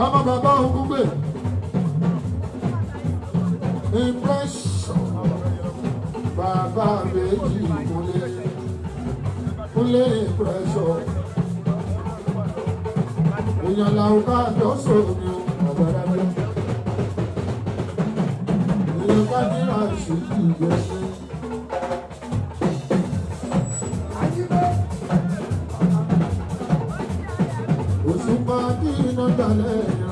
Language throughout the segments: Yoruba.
ọmọ bàbá ògùn gbè impression bàbá méjì kúnlé kúnlé impression èèyàn làwọn bá jọ sóòrùn ní ọ̀gbọ̀dá mi èèyàn bá ní àìsí ìgbésí. Mandalay.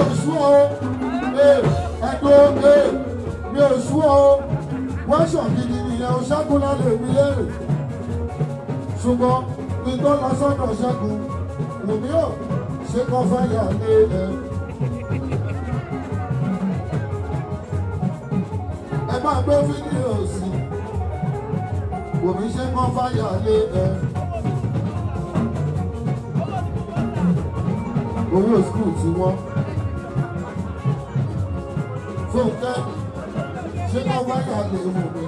ò sú o eh, ẹ̀dọ́ eh, mi ò sú o wẹ́sàn gidi nìyẹn o ṣẹ́gun náà lè rí léèrè ṣùgbọ́n kí n tó lọ sọ́dọ̀ ṣẹ́gun wùmí ò ṣe kọ́ fẹ́ yà lé ẹ. ẹ máa gbé fídíò sí wùmí ṣe kọ́ fẹ́ yà lé ẹ. owó skul ti wọ́n. So that Fúnkẹ́ ṣé ká wáyà lè wò mí.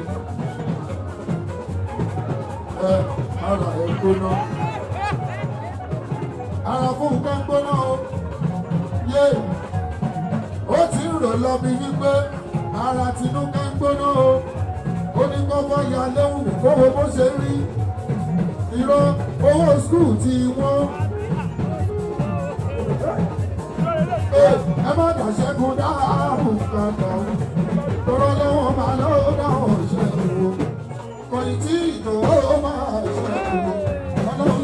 Ẹ ara ẹ gbóná. Ara Fúnkẹ́ gbóná o. Yé ó ti ń rò lọ bí wípé ara Tinúkẹ́ gbóná o. Ó ní kó wáyà léwu kó wo bó ṣe rí. Irọ́ owó school, ti wọ́n. ẹ má dàṣẹ́gun dáàbò kankan tọ́rọ́ lọ́wọ́ máa lọ́wọ́ dáhùn ìṣẹ́gun o kọ́ni tí ìdánwò máa ṣẹ́gun o ọlọ́run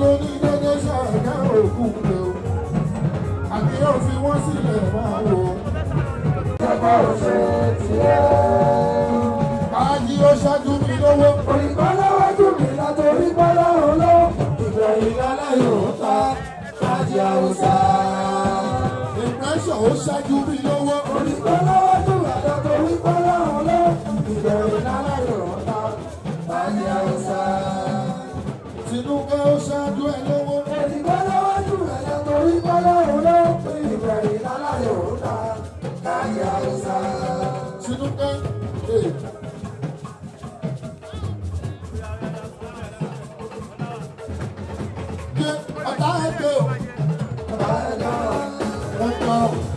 ló ní ó ṣáájú bí lówó. orí pọ́nlọ́wọ́ tó wà lọ́kọ̀ orí pọ́nlọ́wọ́ lọ ìbẹ̀rẹ̀ náírà yọ̀rọ̀ ta báyìí àwùsá. Tinubu ó ṣáájú ẹ lówó. orí pọ́nlọ́wọ́ tó wà lọ́kọ̀ orí pọ́nlọ́wọ́ lọ ìbẹ̀rẹ̀ náírà yọ̀rọ̀ ta báyìí àwùsá. Tinubu ẹ̀ tó. ọ̀tá